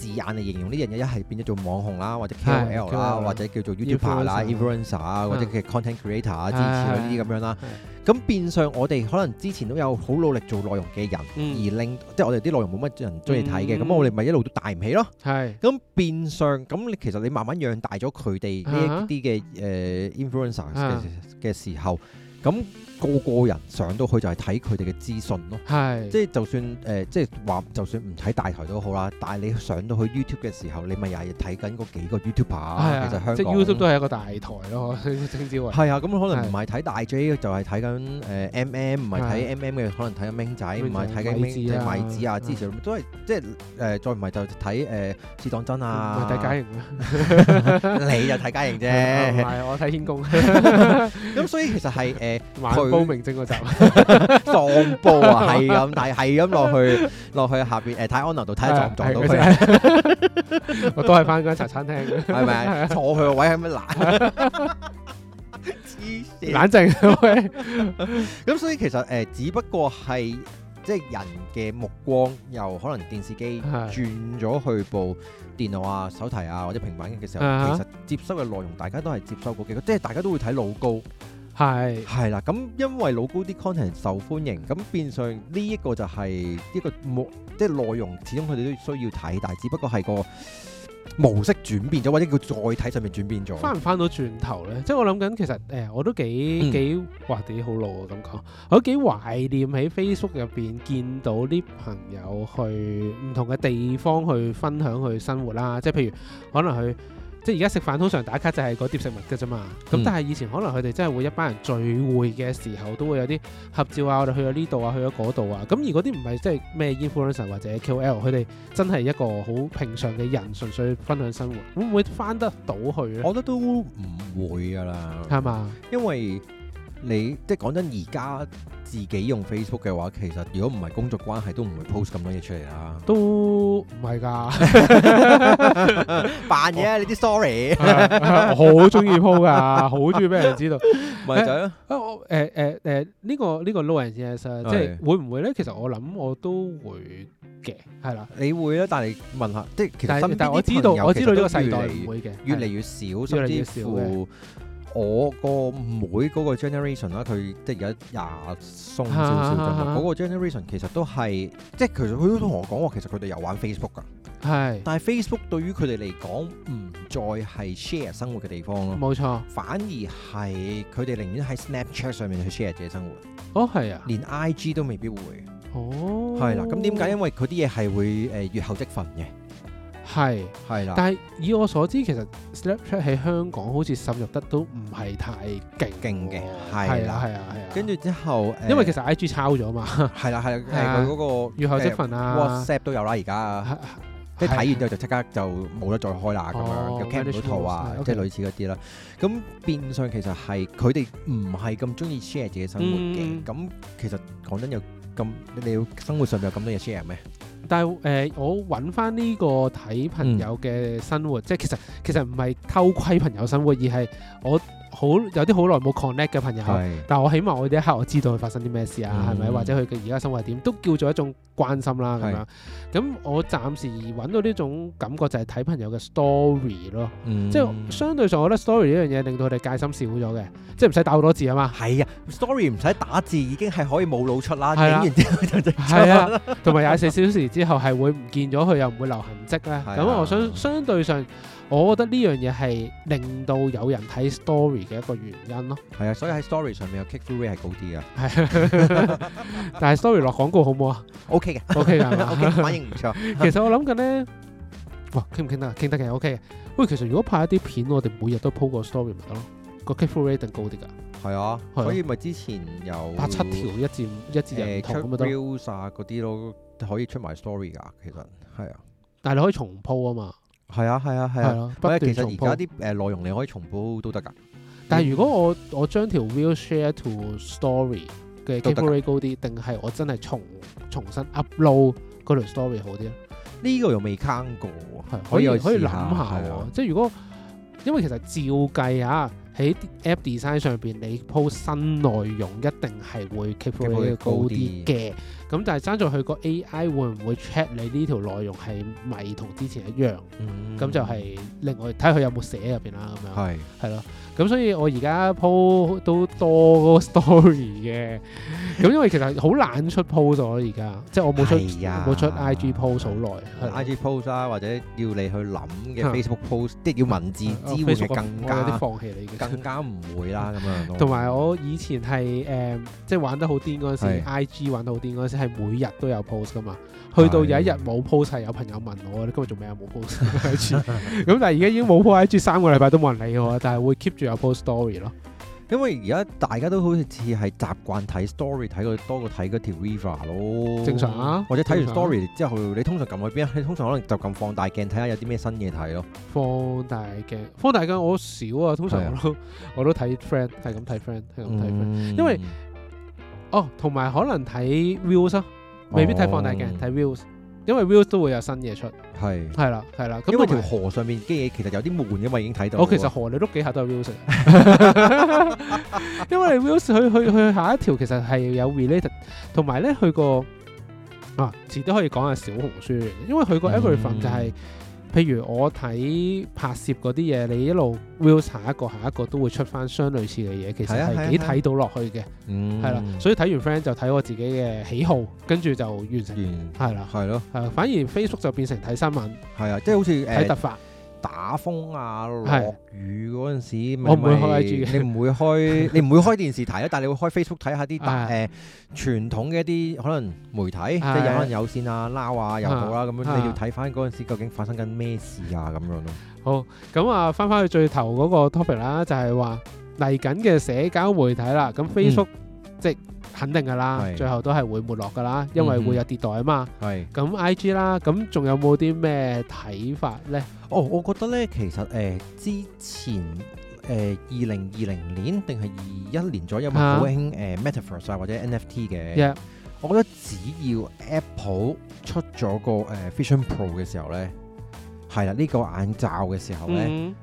字眼嚟形容呢樣嘢，一係變咗做網紅啦，或者 KOL 啦，或者叫做 YouTuber 啦、influencer 啊，或者係 content creator 啊之類呢啲咁樣啦。咁變相我哋可能之前都有好努力做內容嘅人，而令即係我哋啲內容冇乜人中意睇嘅，咁我哋咪一路都大唔起咯。係。咁變相咁，你其實你慢慢養大咗佢哋呢一啲嘅誒 influencer 嘅嘅時候，咁。個個人上到去就係睇佢哋嘅資訊咯，即係就算誒，即係話就算唔睇大台都好啦。但係你上到去 YouTube 嘅時候，你咪日日睇緊嗰幾個 YouTuber，其實香港即係 YouTube 都係一個大台咯，聽朝啊。係啊，咁可能唔係睇大 J，就係睇緊誒 MM，唔係睇 MM 嘅，可能睇緊明仔，唔係睇緊明即係米子啊，之前都係即係誒，再唔係就睇誒試當真啊，睇嘉盈你就睇嘉盈啫，唔係我睇賢公。咁所以其實係誒。高明精嗰集 撞波啊，係咁， 但係係咁落去落 去下邊誒，睇安娜度睇下撞唔撞到佢。我都係翻嗰間茶餐廳，係咪坐佢個位係咪難？冷靜，咁所以其實誒，只不過係即係人嘅目光由可能電視機轉咗去部電腦啊、手提啊或者平板嘅時候，其實接收嘅內容大家都係接收過嘅，即係大家都會睇老高。係，係啦，咁因為老高啲 content 受歡迎，咁變相呢一個就係一個模，即係內容，始終佢哋都需要睇，但係只不過係個模式轉變咗，或者叫載體上面轉變咗。翻唔翻到轉頭咧？即係我諗緊，其實誒，我都幾幾話自己好老啊咁講，我都幾懷念喺 Facebook 入邊見到啲朋友去唔同嘅地方去分享佢生活啦，即係譬如可能去。即係而家食飯通常打卡就係嗰碟食物嘅啫嘛，咁但係以前可能佢哋真係會一班人聚會嘅時候都會有啲合照啊，我哋去咗呢度啊，去咗嗰度啊，咁而嗰啲唔係即係咩 influencer 或者 KOL，佢哋真係一個好平常嘅人，純粹分享生活，會唔會翻得到去咧？我覺得都唔會㗎啦，係嘛吧？因為。你即係講真，而家自己用 Facebook 嘅話，其實如果唔係工作關係，都唔會 post 咁多嘢出嚟啦。都唔係㗎，扮嘢！你啲 story，我好中意 post 㗎，好中意俾人知道。咪就係咯。誒誒誒，呢個呢個 low interest，即係會唔會咧？其實我諗我都會嘅，係啦，你會啊？但係問下，即係其實但係我知道，越越我知道呢個世代會嘅，越嚟越，越，越少，甚至乎。我個妹嗰個 generation 啦，佢即係而家廿鬆少少咁啦，嗰個 generation 其實都係，即係其實佢都同我講話，其實佢哋有玩 Facebook 噶，係是，但係 Facebook 對於佢哋嚟講唔再係 share 生活嘅地方咯，冇錯，反而係佢哋寧願喺 Snapchat 上面去 share 自己生活，哦係啊，連 IG 都未必會，哦，係啦，咁點解？因為佢啲嘢係會誒越後積分嘅。係，係啦。但係以我所知，其實 Snapchat 喺香港好似滲入得都唔係太勁勁嘅。係啊，係啊，係啊。跟住之後，因為其實 IG 抄咗嘛。係啦，係啦，係佢嗰個閱後即焚啊，WhatsApp 都有啦，而家即睇完之後就即刻就冇得再開啦咁樣，又 cut 唔到圖啊，即係類似嗰啲啦。咁變相其實係佢哋唔係咁中意 share 自己生活嘅。咁其實講真，有咁，你哋有生活上有咁多嘢 share 咩？但係誒、呃，我揾翻呢個睇朋友嘅生活，嗯、即係其實其實唔係偷窺朋友生活，而係我。好有啲好耐冇 connect 嘅朋友，是但我起碼我呢一刻我知道佢發生啲咩事啊，係咪、嗯？或者佢嘅而家生活點，都叫做一種關心啦咁樣。咁是我暫時揾到呢種感覺就係睇朋友嘅 story 咯，嗯、即係相對上我覺得 story 呢樣嘢令到佢哋戒心少咗嘅，即係唔使打好多字啊嘛。係啊，story 唔使打字已經係可以冇腦出啦，影完之後就係啊，同埋廿四小時之後係會唔見咗佢又唔會留痕跡咧。咁、啊啊、我想相對上。我覺得呢樣嘢係令到有人睇 story 嘅一個原因咯。係啊，所以喺 story 上面有 click through rate 係高啲噶。係但係 story 落廣告好唔好啊？OK 嘅的，OK 嘅，OK 反應唔錯。其實我諗緊咧，哇，傾唔傾得啊？傾得嘅，OK 嘅。喂，其實如果拍一啲片，我哋每日都鋪個 story 咪得咯， 個 click through rate 一定高啲噶。係啊，啊所以咪之前有八七條一至一至人唔同咁、eh, 啊得，嗰啲咯可以出埋 story 噶。其實係啊，但係你可以重鋪啊嘛。係啊係啊係啊，不斷重播。喂、啊，北電 其實而家啲誒內容你可以重播都得噶。但係如果我、嗯、我將條 Will Share to Story 嘅 Category 高啲，定係我真係重重新 upload 嗰類 Story 好啲咧？呢個又未坑過，係、啊、可以可以諗下。下啊、即係如果因為其實照計啊，喺 App Design 上邊，你 post 新內容一定係會 Category 高啲嘅。嗯嗯嗯咁但係爭在佢個 AI 會唔會 check 你呢條內容係咪同之前一樣？咁、嗯、就係另外睇佢有冇寫入面啦。咁是樣係咁所以我而家 post 都多 story 嘅，咁因為其實好懶出 post 咗而家，即係我冇出冇、啊、出 IG post 好耐。IG post 啦，啊、或者要你去諗嘅 Facebook post，即係要文字支援嘅更加啲、啊、放棄你嘅，更加唔會啦咁、啊、樣同埋我以前係誒、um, 即係玩得好癲陣時、啊、IG 玩得好癲陣時係每日都有 post 噶嘛，去到有一日冇 post 有朋友問我你今日做咩啊冇 post？咁但係而家已經冇 post IG 三個禮拜都冇人理我，但係會 keep 住。post story 咯，因為而家大家都好似似係習慣睇 story，睇過多過睇嗰條 river 咯，正常啊。或者睇完 story 之後，啊、你通常撳去邊啊？你通常可能就撳放大鏡睇下有啲咩新嘢睇咯，放鏡。放大鏡，放大鏡我好少啊，通常我都、啊、我都睇 friend，係咁睇 friend，係咁睇 friend，、嗯、因為哦，同埋可能睇 views 咯、啊，未必睇放大鏡，睇 views、哦。因為 Will 都會有新嘢出，係係啦係啦，了因為條河上面嘅嘢其實有啲悶因嘛，已經睇到。我其實河你碌幾下都係 will, S, 因為 will 去去，去，去下一條其實係有 related，同埋咧去個啊，遲啲可以講下小紅書，因為去個 everyone 就係、是。嗯譬如我睇拍攝啲嘢，你一路 will 下一個下一個都會出翻相類似嘅嘢，其實係幾睇到落去嘅。啊啊啊，嗯，係啦。所以睇完 friend 就睇我自己嘅喜好，跟住就完成，係啦，係咯。誒，反而 Facebook 就變成睇新聞，係啊，即係好似睇突發。呃打風啊，落雨嗰陣時，你唔會開，你唔會開，你唔會開電視睇啊，但係你會開 Facebook 睇下啲大誒傳統嘅一啲可能媒體，即係可能有線啊、撈啊、有道啦，咁樣你要睇翻嗰陣時究竟發生緊咩事啊咁樣咯。好，咁啊，翻翻去最頭嗰個 topic 啦，就係話嚟緊嘅社交媒體啦，咁 Facebook。即肯定噶啦，是最後都係會沒落噶啦，因為會有迭代啊嘛。咁 I G 啦，咁仲有冇啲咩睇法咧？哦，我覺得咧，其實誒、呃、之前誒二零二零年定係二一年左右好興誒 Metaverse 啊、呃、Met verse，或者 NFT 嘅。啊、我覺得只要 Apple 出咗個誒、呃、Vision Pro 嘅時候咧，係啦，呢、這個眼罩嘅時候咧，誒、嗯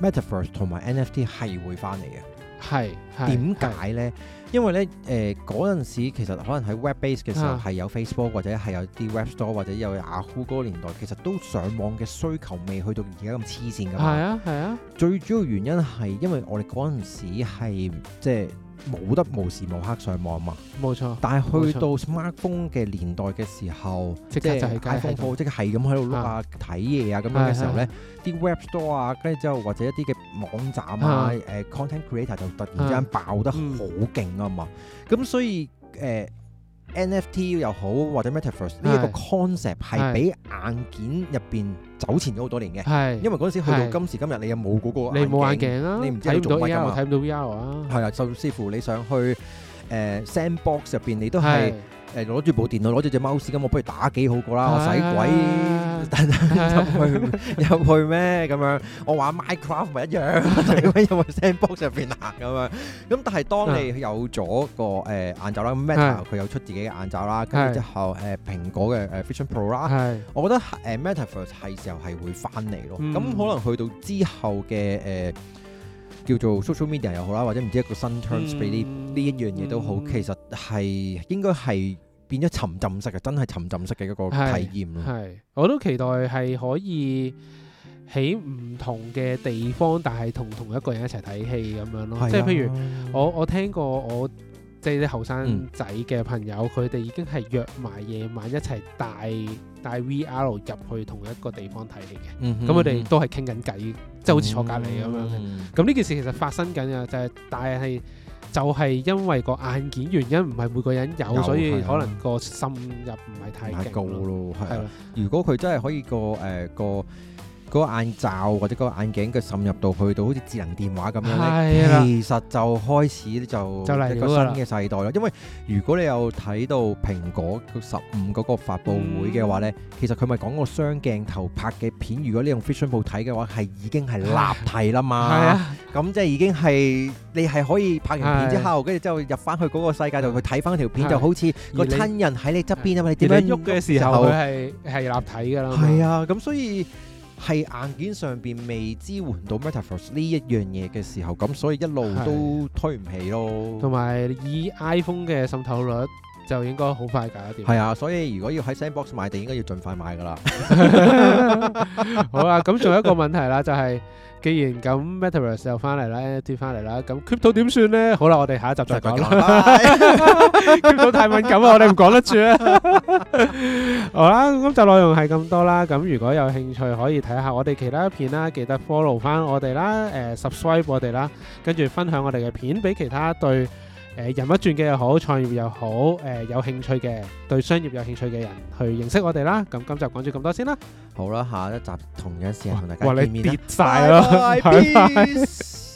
呃、Metaverse 同埋 NFT 係會翻嚟嘅。係點解呢？因為咧，誒嗰陣時其實可能喺 web base 嘅時候係有 Facebook、啊、或者係有啲 web store 或者有 Yahoo 嗰個年代，其實都上網嘅需求未去到而家咁黐線㗎嘛。係啊，係啊。最主要原因係因為我哋嗰陣時係即係。就是冇得無時無刻上網嘛，冇錯。但係去到 Smartphone 嘅年代嘅時候，即係解放貨，即係咁喺度碌下睇嘢啊咁樣嘅時候咧，啲 web store 啊，跟住之後或者一啲嘅網站啊，誒 content creator 就突然之間爆得好勁啊嘛，咁所以誒。NFT 又好，或者 Metaverse 呢一是個 concept 係比硬件入邊走前咗好多年嘅，是因為嗰陣時去到今時今日，是你又冇嗰個，你冇眼鏡啊，你唔睇唔到 VR，睇唔到 VR 啊，係啊，甚至乎你想去。誒、uh, sandbox 入邊你都係誒攞住部電腦攞住隻 mouse 咁，我不如打機好過啦！啊、我使鬼入、啊、去入去咩咁樣？我玩 Minecraft 咪一樣，點解入去 sandbox 入邊啊？咁樣咁，但係當你有咗個誒眼罩啦，Meta 佢有出自己嘅眼罩啦，跟住之後誒蘋果嘅誒 Vision Pro 啦，我覺得誒 MetaVerse 係時候係會翻嚟咯。咁可能去到之後嘅誒。嗯嗯嗯叫做 social media 又好啦，或者唔知一個新 terms 俾呢呢一樣嘢都好，其實係應該係變咗沉浸式嘅，真係沉浸式嘅一個體驗咯。係，我都期待係可以喺唔同嘅地方，但係同同一個人一齊睇戲咁樣咯。啊、即係譬如我我聽過我即係啲後生仔嘅朋友，佢哋、嗯、已經係約埋夜晚一齊大。帶 VR 入去同一個地方睇戲嘅，咁佢哋都係傾緊偈，即係、嗯、哼好似坐隔離咁樣嘅。咁呢、嗯、哼件事其實發生緊嘅，就係、是、但係就係因為個硬件原因，唔係每個人有，有所以可能個深入唔係太高咯。係如果佢真係可以個誒個。呃嗰個眼罩或者嗰個眼鏡嘅滲入到去到好似智能電話咁樣咧，其實就開始就一個新嘅世代啦。因為如果你有睇到蘋果十五嗰個發布會嘅話咧，其實佢咪講個雙鏡頭拍嘅片，如果你用 Vision Pro 睇嘅話，係已經係立體啦嘛。係啊，咁即係已經係你係可以拍完片之後，跟住之後入翻去嗰個世界度去睇翻條片，就好似個親人喺你側邊啊嘛。你點樣喐嘅時候，佢係係立體噶啦。係啊，咁所以。係硬件上邊未支援到 Metaverse 呢一樣嘢嘅時候，咁所以一路都推唔起咯。同埋以 iPhone 嘅滲透率，就應該好快搞掂。係啊，所以如果要喺 Sandbox 買地，應該要盡快買噶啦。好啦，咁仲有一個問題啦，就係既然咁 Metaverse 又翻嚟啦，跌翻嚟啦，咁 Crypto 點算咧？好啦，我哋下一集再講啦。Crypto 太敏感啊，我哋唔講得住啊。好啦，咁就內容係咁多啦。咁如果有興趣可以睇下我哋其他片啦，記得 follow 翻我哋啦，誒、呃、subscribe 我哋啦，跟住分享我哋嘅片俾其他對誒人物傳記又好，創業又好誒、呃、有興趣嘅，對商業有興趣嘅人去認識我哋啦。咁今集講咗咁多先啦，好啦，下一集同樣時間同哇大家見面啦。哇，你跌晒咯。